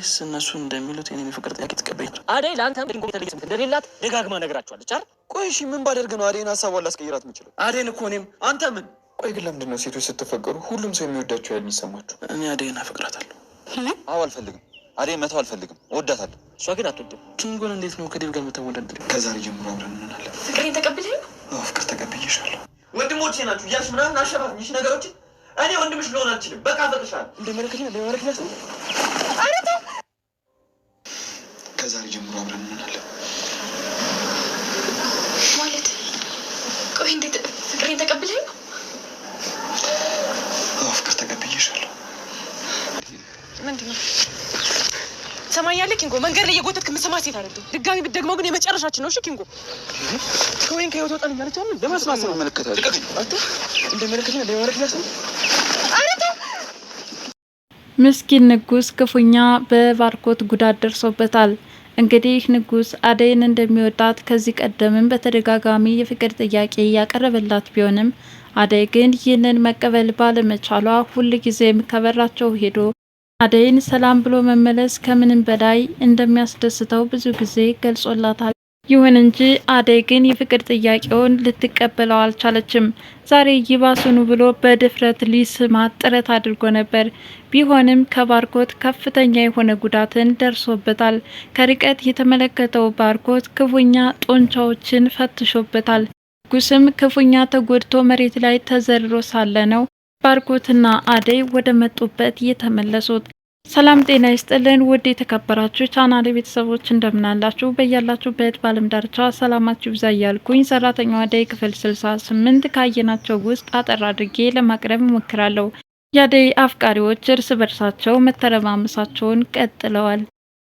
ወይስ እነሱ እንደሚሉት የኔን የፍቅር ጥያቄ ትቀበያል? አደይ ለአንተም ድንጎ የተለየ ስሜት እንደሌላት ደጋግማ ነግራቸዋለች አይደል? ቆይ እሺ ምን ባደርግ ነው አደይን ሀሳቧን ላስቀይራት የምችለው? አደይን እኮ እኔም አንተ ምን ቆይ ግን ለምንድን ነው ሴቶች ስትፈቀሩ ሁሉም ሰው የሚወዳቸው ያህል የሚሰማቸው? እኔ አደይን አፈቅራታለሁ። አዎ አልፈልግም፣ አደይን መተው አልፈልግም፣ እወዳታለሁ። እሷ ግን አትወድም። ኪንጎን እንዴት ነው ከዴቭ ጋር የምታወዳደር? ከዛሬ ጀምሮ አብረን እንሆናለን። ፍቅሬን ተቀብለኝ ነው? ፍቅር ተቀብዬሻለሁ። ወንድሞቼ ናችሁ እያልሽ ምናምን አሸፋፍኝሽ ነገሮችን እኔ ወንድምሽ ልሆን አልችልም። በቃ ፈቅሻል እንደመለከት ከዛሬ ጀምሮ አብረን እንሆናለን። ማለት ቆይ፣ እንዴት ፍቅሬን ተቀብለኝ? ነው? ፍቅር ተቀብዬሻለሁ። ምንድን ነው ትሰማኛለህ ኪንጎ? መንገድ ላይ የጎተትክ የምሰማ ሴት አይደለም። ድጋሚ ብትደግመው ግን የመጨረሻችን ነው። እሺ ኪንጎ፣ ከወይን ከህይወት ወጣን እያለች አለ ለመስማት ነው ምስኪን ንጉስ ክፉኛ በባርኮት ጉዳት ደርሶበታል። እንግዲህ ንጉስ አደይን እንደሚወዳት ከዚህ ቀደምም በተደጋጋሚ የፍቅር ጥያቄ እያቀረበላት ቢሆንም አደይ ግን ይህንን መቀበል ባለመቻሏ ሁል ጊዜም ከበራቸው ሄዶ አደይን ሰላም ብሎ መመለስ ከምንም በላይ እንደሚያስደስተው ብዙ ጊዜ ገልጾላታል። ይሁን እንጂ አደይ ግን የፍቅር ጥያቄውን ልትቀበለው አልቻለችም። ዛሬ ይባሱኑ ብሎ በድፍረት ሊስማት ጥረት አድርጎ ነበር። ቢሆንም ከባርኮት ከፍተኛ የሆነ ጉዳትን ደርሶበታል። ከርቀት የተመለከተው ባርኮት ክፉኛ ጡንቻዎችን ፈትሾበታል። ጉስም ክፉኛ ተጎድቶ መሬት ላይ ተዘርሮ ሳለ ነው ባርኮትና አደይ ወደ መጡበት የተመለሱት። ሰላም ጤና ይስጥልን ውድ የተከበራችሁ ቻናሌ ቤተሰቦች እንደምናላችሁ በያላችሁበት በዓለም ዳርቻ ሰላማችሁ ብዛ እያልኩኝ ሰራተኛዋ አደይ ክፍል ስልሳ ስምንት ካየናቸው ውስጥ አጠር አድርጌ ለማቅረብ እሞክራለሁ። የአደይ አፍቃሪዎች እርስ በርሳቸው መተረማመሳቸውን ቀጥለዋል።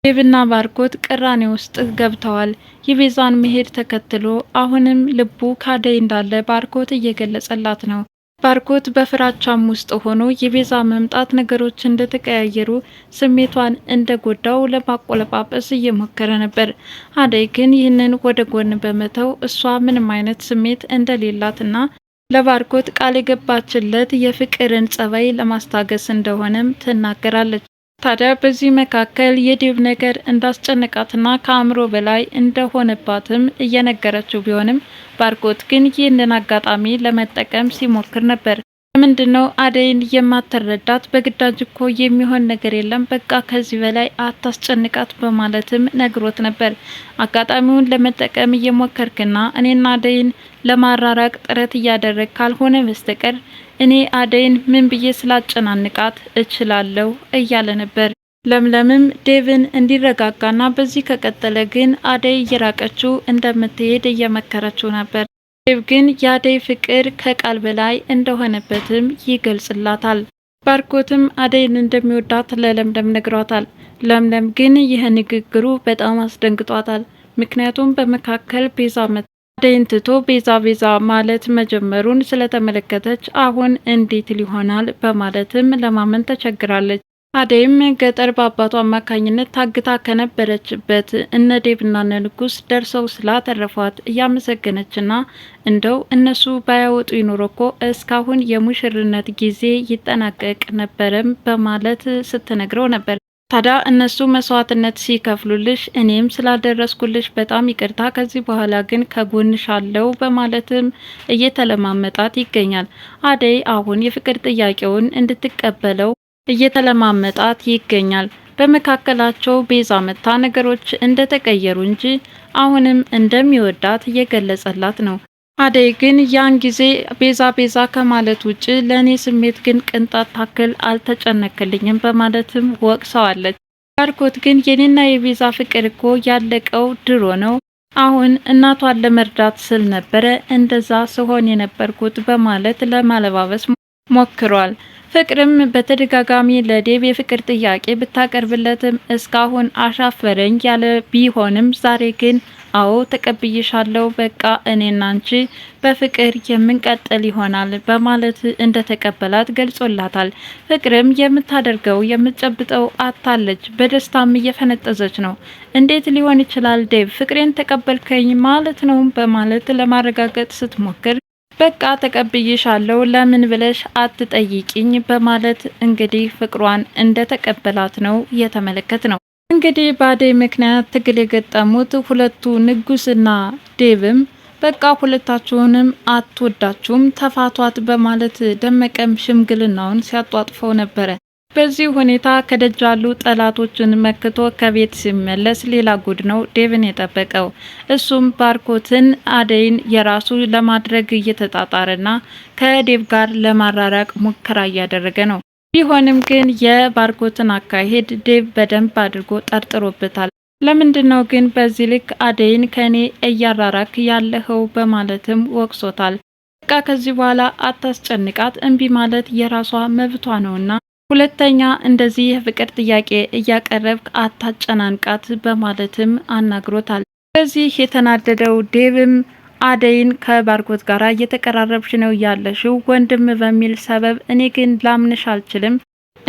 ዴብና ባርኮት ቅራኔ ውስጥ ገብተዋል። የቤዛን መሄድ ተከትሎ አሁንም ልቡ ካደይ እንዳለ ባርኮት እየገለጸላት ነው። ባርኮት በፍራቻም ውስጥ ሆኖ የቤዛ መምጣት ነገሮች እንደተቀያየሩ ስሜቷን እንደጎዳው ለማቆለጳጰስ እየሞከረ ነበር። አደይ ግን ይህንን ወደ ጎን በመተው እሷ ምንም አይነት ስሜት እንደሌላትና ለባርኮት ቃል የገባችለት የፍቅርን ጸባይ ለማስታገስ እንደሆነም ትናገራለች። ታዲያ በዚህ መካከል የዴቭ ነገር እንዳስጨነቃትና ከአእምሮ በላይ እንደሆነባትም እየነገረችው ቢሆንም ባርኮት ግን ይህንን አጋጣሚ ለመጠቀም ሲሞክር ነበር። ለምንድነው ነው አደይን የማትረዳት? በግዳጅ እኮ የሚሆን ነገር የለም፣ በቃ ከዚህ በላይ አታስጨንቃት በማለትም ነግሮት ነበር። አጋጣሚውን ለመጠቀም እየሞከርክና እኔና አደይን ለማራራቅ ጥረት እያደረግ ካልሆነ በስተቀር እኔ አደይን ምን ብዬ ስላጨናንቃት እችላለሁ እያለ ነበር። ለምለምም ዴቭን እንዲረጋጋና በዚህ ከቀጠለ ግን አደይ እየራቀችው እንደምትሄድ እየመከረችው ነበር። ዴቭ ግን የአደይ ፍቅር ከቃል በላይ እንደሆነበትም ይገልጽላታል። ባርኮትም አደይን እንደሚወዳት ለለምለም ነግሯታል። ለምለም ግን ይህ ንግግሩ በጣም አስደንግጧታል። ምክንያቱም በመካከል ቤዛ መ አደይን ትቶ ቤዛ ቤዛ ማለት መጀመሩን ስለተመለከተች አሁን እንዴት ሊሆናል በማለትም ለማመን ተቸግራለች። አደይም ገጠር በአባቱ አማካኝነት ታግታ ከነበረችበት እነ ዴብና እነ ንጉስ ደርሰው ስላተረፏት እያመሰገነችና እንደው እነሱ ባያወጡ ይኖሮ እኮ እስካሁን የሙሽርነት ጊዜ ይጠናቀቅ ነበረም በማለት ስትነግረው ነበር። ታዲያ እነሱ መስዋዕትነት ሲከፍሉልሽ እኔም ስላደረስኩልሽ በጣም ይቅርታ፣ ከዚህ በኋላ ግን ከጎንሽ አለው በማለትም እየተለማመጣት ይገኛል። አደይ አሁን የፍቅር ጥያቄውን እንድትቀበለው እየተለማመጣት ይገኛል። በመካከላቸው ቤዛ መታ ነገሮች እንደተቀየሩ እንጂ አሁንም እንደሚወዳት እየገለጸላት ነው። አደይ ግን ያን ጊዜ ቤዛ ቤዛ ከማለት ውጭ ለእኔ ስሜት ግን ቅንጣት ታክል አልተጨነክልኝም በማለትም ወቅሰዋለች። ባርኮት ግን የኔና የቤዛ ፍቅር እኮ ያለቀው ድሮ ነው፣ አሁን እናቷን ለመርዳት ስል ነበረ እንደዛ ስሆን የነበርኩት በማለት ለማለባበስ ሞክሯል። ፍቅርም በተደጋጋሚ ለዴብ የፍቅር ጥያቄ ብታቀርብለትም እስካሁን አሻፈረኝ ያለ ቢሆንም ዛሬ ግን አዎ ተቀብይሻለሁ፣ በቃ እኔና አንቺ በፍቅር የምንቀጥል ይሆናል በማለት እንደተቀበላት ገልጾላታል። ፍቅርም የምታደርገው የምትጨብጠው አታለች፣ በደስታም እየፈነጠዘች ነው። እንዴት ሊሆን ይችላል ዴቭ ፍቅሬን ተቀበልከኝ ማለት ነው በማለት ለማረጋገጥ ስትሞክር በቃ ተቀብይሻለሁ ለምን ብለሽ አትጠይቂኝ በማለት እንግዲህ ፍቅሯን እንደተቀበላት ነው የተመለከት ነው። እንግዲህ በአደይ ምክንያት ትግል የገጠሙት ሁለቱ ንጉስና ዴቭም በቃ ሁለታችሁንም አትወዳችሁም ተፋቷት በማለት ደመቀም ሽምግልናውን ሲያጧጥፈው ነበረ። በዚህ ሁኔታ ከደጅ ያሉ ጠላቶችን መክቶ ከቤት ሲመለስ ሌላ ጉድ ነው ዴቭን የጠበቀው። እሱም ባርኮትን አደይን የራሱ ለማድረግ እየተጣጣረና ከዴቭ ጋር ለማራራቅ ሙከራ እያደረገ ነው። ቢሆንም ግን የባርኮትን አካሄድ ዴቭ በደንብ አድርጎ ጠርጥሮበታል። ለምንድነው ነው ግን በዚህ ልክ አደይን ከኔ እያራራክ ያለኸው በማለትም ወቅሶታል። በቃ ከዚህ በኋላ አታስጨንቃት፣ እምቢ ማለት የራሷ መብቷ ነውና ሁለተኛ እንደዚህ የፍቅር ጥያቄ እያቀረብክ አታጨናንቃት በማለትም አናግሮታል። በዚህ የተናደደው ዴቭም አደይን ከባርኮት ጋር እየተቀራረብሽ ነው ያለሽው ወንድም በሚል ሰበብ እኔ ግን ላምንሽ አልችልም፣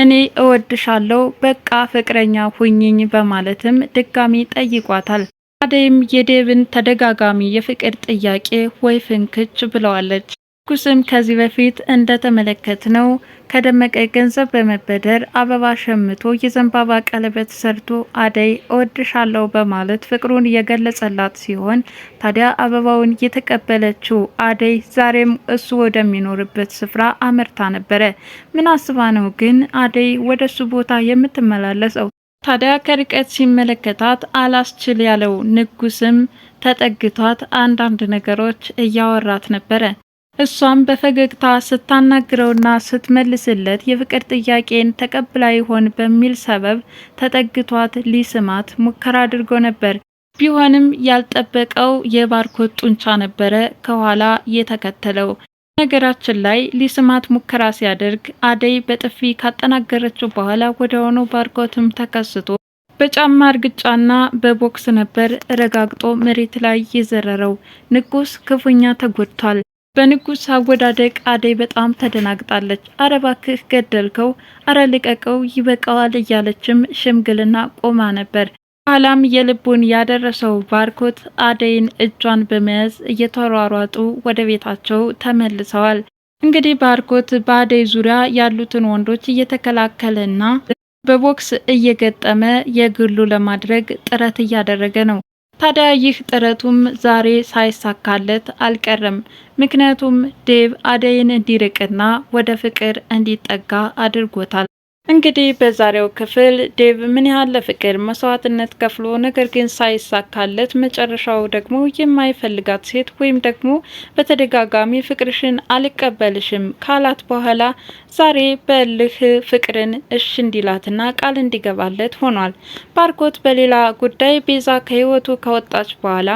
እኔ እወድሻለሁ፣ በቃ ፍቅረኛ ሁኝኝ በማለትም ድጋሚ ጠይቋታል። አደይም የዴብን ተደጋጋሚ የፍቅር ጥያቄ ወይ ፍንክች ብለዋለች። ንጉስም ከዚህ በፊት እንደተመለከትነው ከደመቀ ገንዘብ በመበደር አበባ ሸምቶ የዘንባባ ቀለበት ሰርቶ አደይ እወድሻለሁ በማለት ፍቅሩን የገለጸላት ሲሆን ታዲያ አበባውን የተቀበለችው አደይ ዛሬም እሱ ወደሚኖርበት ስፍራ አመርታ ነበረ። ምን አስባ ነው ግን አደይ ወደ እሱ ቦታ የምትመላለሰው? ታዲያ ከርቀት ሲመለከታት አላስችል ያለው ንጉስም ተጠግቷት አንዳንድ ነገሮች እያወራት ነበረ። እሷም በፈገግታ ስታናግረውና ስትመልስለት የፍቅር ጥያቄን ተቀብላ ይሆን በሚል ሰበብ ተጠግቷት ሊስማት ሙከራ አድርጎ ነበር። ቢሆንም ያልጠበቀው የባርኮት ጡንቻ ነበረ ከኋላ የተከተለው። ነገራችን ላይ ሊስማት ሙከራ ሲያደርግ አደይ በጥፊ ካጠናገረችው በኋላ ወዲያውኑ ባርኮትም ተከስቶ በጫማ እርግጫና በቦክስ ነበር ረጋግጦ መሬት ላይ የዘረረው። ንጉስ ክፉኛ ተጎድቷል። በንጉሥ አወዳደቅ አደይ በጣም ተደናግጣለች። አረ እባክህ ገደልከው፣ አረ ልቀቀው፣ ይበቃዋል እያለችም ሽምግልና ቆማ ነበር። ኋላም የልቡን ያደረሰው ባርኮት አደይን እጇን በመያዝ እየተሯሯጡ ወደ ቤታቸው ተመልሰዋል። እንግዲህ ባርኮት በአደይ ዙሪያ ያሉትን ወንዶች እየተከላከለና በቦክስ እየገጠመ የግሉ ለማድረግ ጥረት እያደረገ ነው። ታዲያ ይህ ጥረቱም ዛሬ ሳይሳካለት አልቀረም። ምክንያቱም ዴቭ አደይን እንዲርቅና ወደ ፍቅር እንዲጠጋ አድርጎታል። እንግዲህ በዛሬው ክፍል ዴቭ ምን ያህል ለፍቅር መስዋዕትነት ከፍሎ ነገር ግን ሳይሳካለት መጨረሻው ደግሞ የማይፈልጋት ሴት ወይም ደግሞ በተደጋጋሚ ፍቅርሽን አልቀበልሽም ካላት በኋላ ዛሬ በልህ ፍቅርን እሽ እንዲላትና ቃል እንዲገባለት ሆኗል። ባርኮት በሌላ ጉዳይ ቤዛ ከህይወቱ ከወጣች በኋላ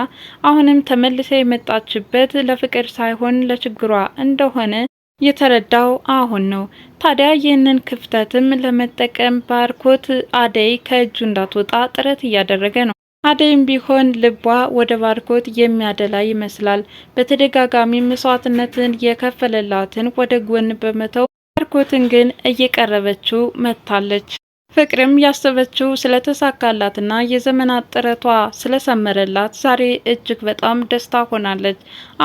አሁንም ተመልሳ የመጣችበት ለፍቅር ሳይሆን ለችግሯ እንደሆነ የተረዳው አሁን ነው። ታዲያ ይህንን ክፍተትም ለመጠቀም ባርኮት አደይ ከእጁ እንዳትወጣ ጥረት እያደረገ ነው። አደይም ቢሆን ልቧ ወደ ባርኮት የሚያደላ ይመስላል። በተደጋጋሚ መስዋዕትነትን የከፈለላትን ወደ ጎን በመተው ባርኮትን ግን እየቀረበችው መጥታለች። ፍቅርም ያሰበችው ስለተሳካላትና የዘመናት ጥረቷ ስለሰመረላት ዛሬ እጅግ በጣም ደስታ ሆናለች።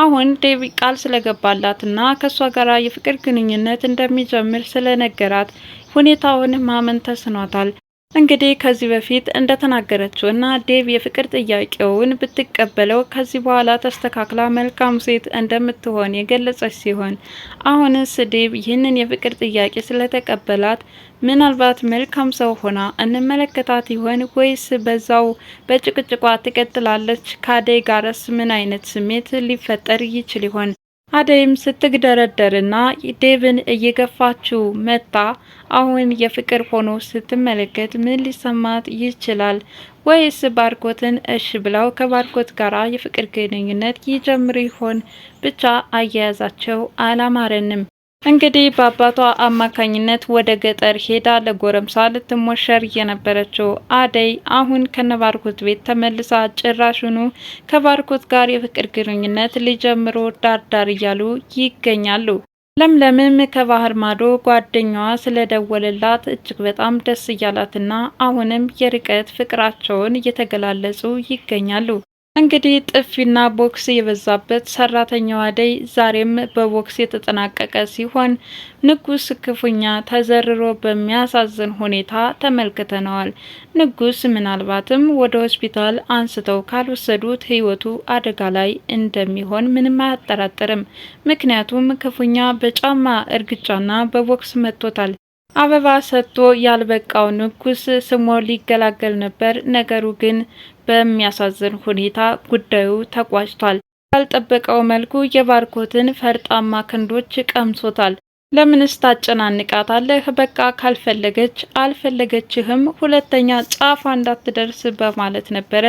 አሁን ዴቪ ቃል ስለገባላትና ከእሷ ጋር የፍቅር ግንኙነት እንደሚጀምር ስለነገራት ሁኔታውን ማመን ተስኗታል። እንግዲህ ከዚህ በፊት እንደተናገረችው እና ዴቭ የፍቅር ጥያቄውን ብትቀበለው ከዚህ በኋላ ተስተካክላ መልካም ሴት እንደምትሆን የገለጸች ሲሆን አሁንስ ዴቭ ይህንን የፍቅር ጥያቄ ስለተቀበላት ምናልባት መልካም ሰው ሆና እንመለከታት ይሆን ወይስ በዛው በጭቅጭቋ ትቀጥላለች? ከአደይ ጋርስ ምን አይነት ስሜት ሊፈጠር ይችል ይሆን? አደይም ስትግደረደርና ዴቭን እየገፋችው መታ። አሁን የፍቅር ሆኖ ስትመለከት ምን ሊሰማት ይችላል? ወይስ ባርኮትን እሽ ብለው ከባርኮት ጋራ የፍቅር ግንኙነት ይጀምሩ ይሆን? ብቻ አያያዛቸው አላማረንም። እንግዲህ በአባቷ አማካኝነት ወደ ገጠር ሄዳ ለጎረምሳ ልትሞሸር የነበረችው አደይ አሁን ከነባርኮት ቤት ተመልሳ ጭራሹኑ ከባርኮት ጋር የፍቅር ግንኙነት ሊጀምሩ ዳርዳር እያሉ ይገኛሉ። ለምለምም ከባህር ማዶ ጓደኛዋ ስለደወለላት እጅግ በጣም ደስ እያላትና አሁንም የርቀት ፍቅራቸውን እየተገላለጹ ይገኛሉ። እንግዲህ ጥፊና ቦክስ የበዛበት ሰራተኛዋ አደይ ዛሬም በቦክስ የተጠናቀቀ ሲሆን ንጉስ ክፉኛ ተዘርሮ በሚያሳዝን ሁኔታ ተመልክተነዋል። ንጉስ ምናልባትም ወደ ሆስፒታል አንስተው ካልወሰዱት ህይወቱ አደጋ ላይ እንደሚሆን ምንም አያጠራጥርም። ምክንያቱም ክፉኛ በጫማ እርግጫና በቦክስ መጥቶታል። አበባ ሰጥቶ ያልበቃው ንጉስ ስሞ ሊገላገል ነበር። ነገሩ ግን በሚያሳዝን ሁኔታ ጉዳዩ ተቋጭቷል። ባልጠበቀው መልኩ የባርኮትን ፈርጣማ ክንዶች ቀምሶታል። ለምንስ ታጨናንቃታለህ? በቃ ካልፈለገች አልፈለገችህም፣ ሁለተኛ ጫፏ እንዳትደርስ በማለት ነበረ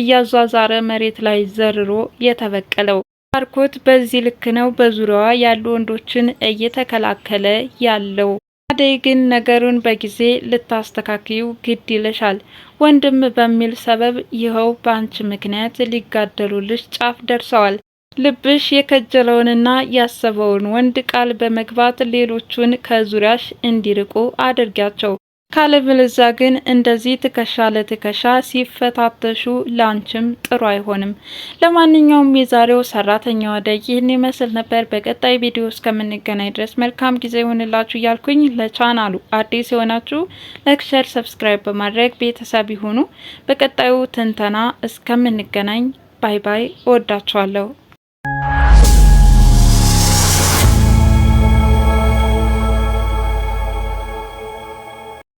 እያዟዛረ መሬት ላይ ዘርሮ የተበቀለው። ባርኮት በዚህ ልክ ነው በዙሪያዋ ያሉ ወንዶችን እየተከላከለ ያለው። አደይ ግን ነገሩን በጊዜ ልታስተካክዩ ግድ ይልሻል ወንድም በሚል ሰበብ ይኸው በአንቺ ምክንያት ሊጋደሉልሽ ጫፍ ደርሰዋል። ልብሽ የከጀለውንና ያሰበውን ወንድ ቃል በመግባት ሌሎቹን ከዙሪያሽ እንዲርቁ አድርጊያቸው። ካለበለዚያ ግን እንደዚህ ትከሻ ለትከሻ ሲፈታተሹ ላንችም ጥሩ አይሆንም። ለማንኛውም የዛሬው ሰራተኛ አደይ ይህን ይመስል ነበር። በቀጣይ ቪዲዮ እስከምንገናኝ ድረስ መልካም ጊዜ ይሆንላችሁ እያልኩኝ ለቻናሉ አዲስ የሆናችሁ ለክሸር ሰብስክራይብ በማድረግ ቤተሰብ ይሁኑ። በቀጣዩ ትንተና እስከምንገናኝ ባይ ባይ። እወዳችኋለሁ።